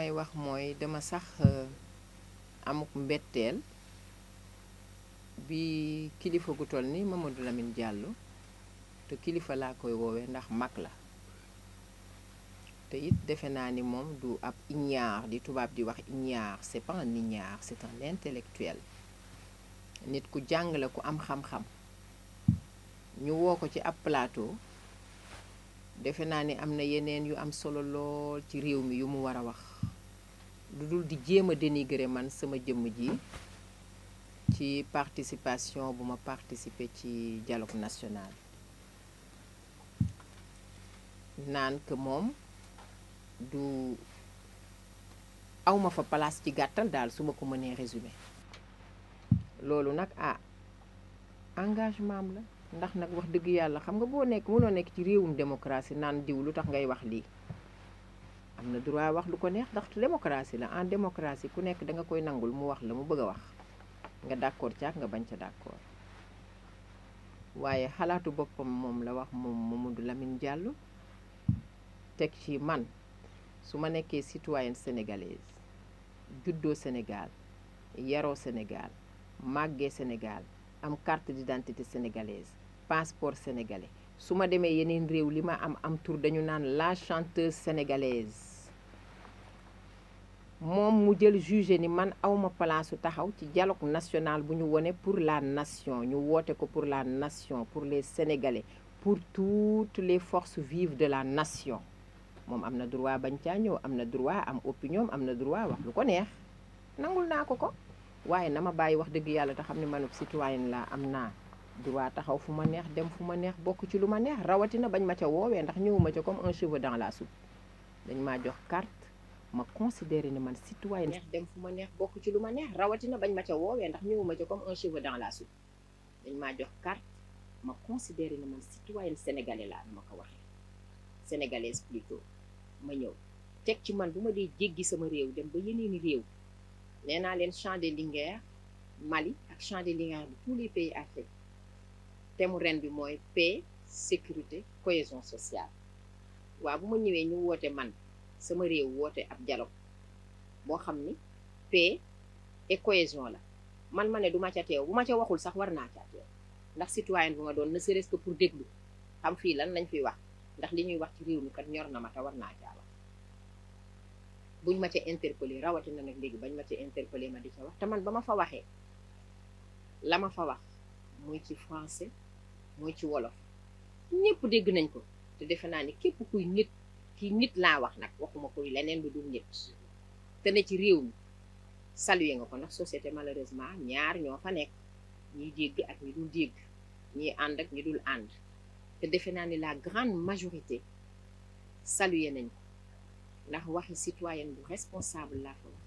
may wax mooy dama sax euh, amuk mbetteel bi kilifa gu toll ni Mamadou Lamine Diallo te kilifa laa koy woowee ndax mag la te it defe naa ni moom du ab ignare di tubaab di wax ignare c'est pas un c'est un intellectuel nit ku jàng la ku am xam-xam ñu woo ko ci ab plateau defe naa ni am na yeneen yu am solo lool ci réew mi yu mu war a wax lu dul di jéem a dénigrer man sama jëmm ji ci participation bu ma participer ci dialogue national naan que moom du awma fa place ci gàttal daal su ma ko mënee résumer loolu nag ah engagement am la ndax nag wax dëgg yàlla xam nga boo nekk mënoo nekk ci réewum démocratie naan diw lu tax ngay wax lii amna droit wax lu ko neex ndax démocratie la en démocratie ku nekk da nga koy nangul mu wax la mu bëgg wax nga d'accord ak nga bañ ci d'accord waye xalaatu bopam mom la wax mom Mamadou Lamine Diallo tek ci man suma nekké citoyenne sénégalaise Sénégal yaro Sénégal maggé Sénégal am carte d'identité sénégalaise passeport sénégalais suma démé demee yeneen réew li ma am am tour dañu la chanteuse sénégalaise moom mu jël jugé ni man awma palaasu taxaw ci dialogue national bu ñu wone pour la nation ñu woote ko pour la nation pour les sénégalais pour toutes les forces vives de la nation moom am na droit bañ caa ñëw am na droit am opinion am na droit wax lu ko neex nangul naa ko ko waaye na ma bàyyi wax dëgg yàlla te xam ne manub citoyen laa am naa droit taxaw fu ma neex dem fu ma neex bokk ci lu ma neex rawatina bañ ma ca woowee ndax ñëwuma ca comme un cheveu dans la soupe dañ maa jox carte ma considéré ni man citoyenne neex dem fu ma neex bokk ci lu ma neex rawatina bañ ma ca woowee ndax ñëwuma ca comme un cheveu dans la soupe dañ maa jox carte ma considéré ni man citoyenne sénégalais laa dama ko waxee sénégalaise plutôt ma ñëw teg ci man bu ma dee jéggi sama réew dem ba yeneeni réew nee naa leen champ de Mali ak champ de Linguère bi tous les pays africains thème ren bi mooy paix sécurité cohésion sociale waaw bu ma ñëwee ñu woote man sama réew woote ab dialogue boo xam ni paix et cohésion la man ma ne du ma ca teew bu ma ca waxul sax war naa ca teew ndax citoyen bu ma doon na serait-ce pour déglu xam fii lan lañ fiy wax ndax li ñuy wax ci réew mi kat ñor na ma te war naa caa wax buñ ma ca interpellé rawatina nag léegi bañ ma ca interpellé ma di ca wax te man ba ma fa waxee la ma fa wax mooy ci français mooy ci wolof ñëpp dégg nañ ko te defe naa ni képp kuy nit kii nit laa wax nag waxuma koy leneen lu dul nit te ne ci réew mi saluer nga ko ndax société malheureusement ñaar ñoo fa nekk ñiy dégg ak ñi dul dégg ñiy ànd ak ñi dul ànd te defe naa ni la grande majorité saluer nañ ko ndax waxi citoyen bu responsable laa fa wax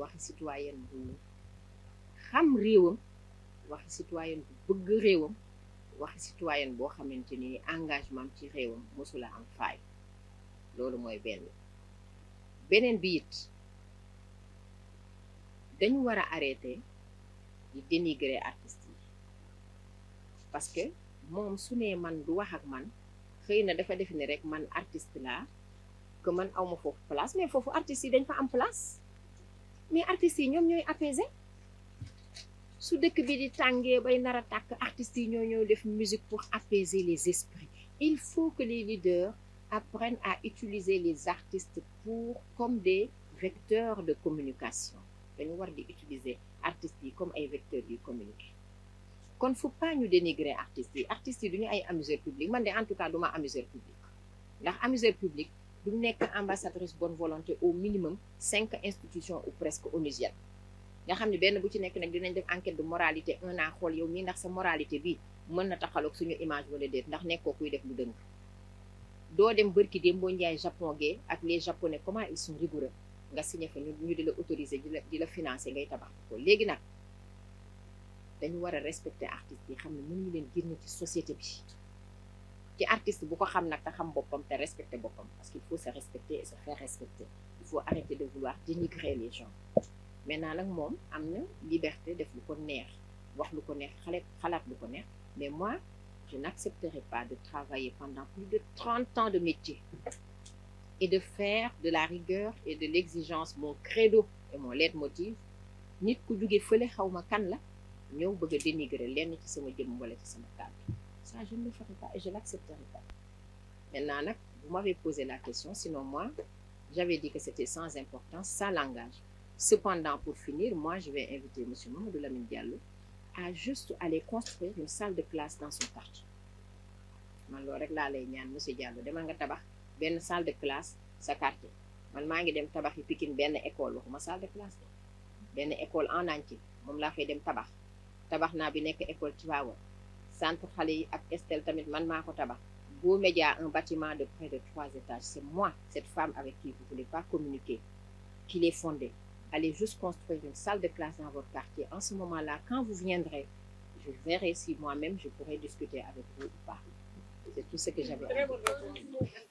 waxi citoyen bu xam réewam waxi citoyen bu bëgg réewam waxi citoyen boo xamante ni engagement ci réewam mosula am faay loolu mooy benn beneen bi it dañu war a arrêté di dénigrer artistes yi parce que moom su nee man du wax ak man xëy na dafa def ni rek man artiste laa que man awma foofu place mais foofu artistes yi dañ fa am place mais artistes yi ñoom ñooy apaisé su dëkk bi di tàngee bay nar a tàkk artist yi ñoo ñoo def musique pour apaiser les esprits il faut que les leaders apprennent à utiliser les artistes pour comme des vecteurs de communication dañu war utiliser les artistes comme des vecteurs communication. Il ne faut pas nous dénigrer artistes Les artistes sont des publics. ay amuseur public man en tout cas du ma amuseur public ndax amuseur public du ambassadrice bonne volonté au minimum cinq institutions ou presque onusiennes nga xam ne benn bu ci enquête de moralité un an xool yow la ndax sa moralité bi mën na taxaloog suñu image wala déet ndax nekkoo kuy def lu dëng doo dem barki dem boo njaay japon ak les japonais comment ils sont rigoureux nga signé fa ñu di la autoriser di la financer ngay tabax ko légui nak dañu wara respecter artistes yi xam ne mënuñu leen génn ci société bi ci artiste bu ko xam nak ta xam bopam te respecter bopam parce qu'il faut se respecter et se faire respecter il faut arrêter de vouloir dénigrer les gens maintenant nak mom amna liberté def lu ko neex wax lu ko neex xale xalaat lu ko neex mais moi je n'accepterai pas de travailler pendant plus de 30 ans de métier et de faire de la rigueur et de l'exigence mon credo et mon leitmotiv nit ça je ne le ferai pas et je l'accepterai pas maintenant vous m'avez posé la question sinon moi j'avais dit que c'était sans importance ça langage. cependant pour finir moi je vais inviter monsieur Mamadou Lamine Diallo a juste aller construire une salle de classe dans son quartier man loolu rek laa lay ñaan monsieur Diallo demal nga tabax benn salle de classe sa quartier man maa ngi dem tabax yi Pikine benn école waxuma salle de classe benn école en entier moom laa fay dem tabax tabax naa bi nekk école Tivaouane centre xale yi ak Estelle tamit man maa ko tabax Go Media un bâtiment de près de trois étages c'est moi cette femme avec qui vous voulez pas communiquer qui les fondé allez juste construire une salle de classe dans votre quartier. En ce moment-là, quand vous viendrez, je verrai si moi-même je pourrai discuter avec vous ou pas. C'est tout ce que j'avais. à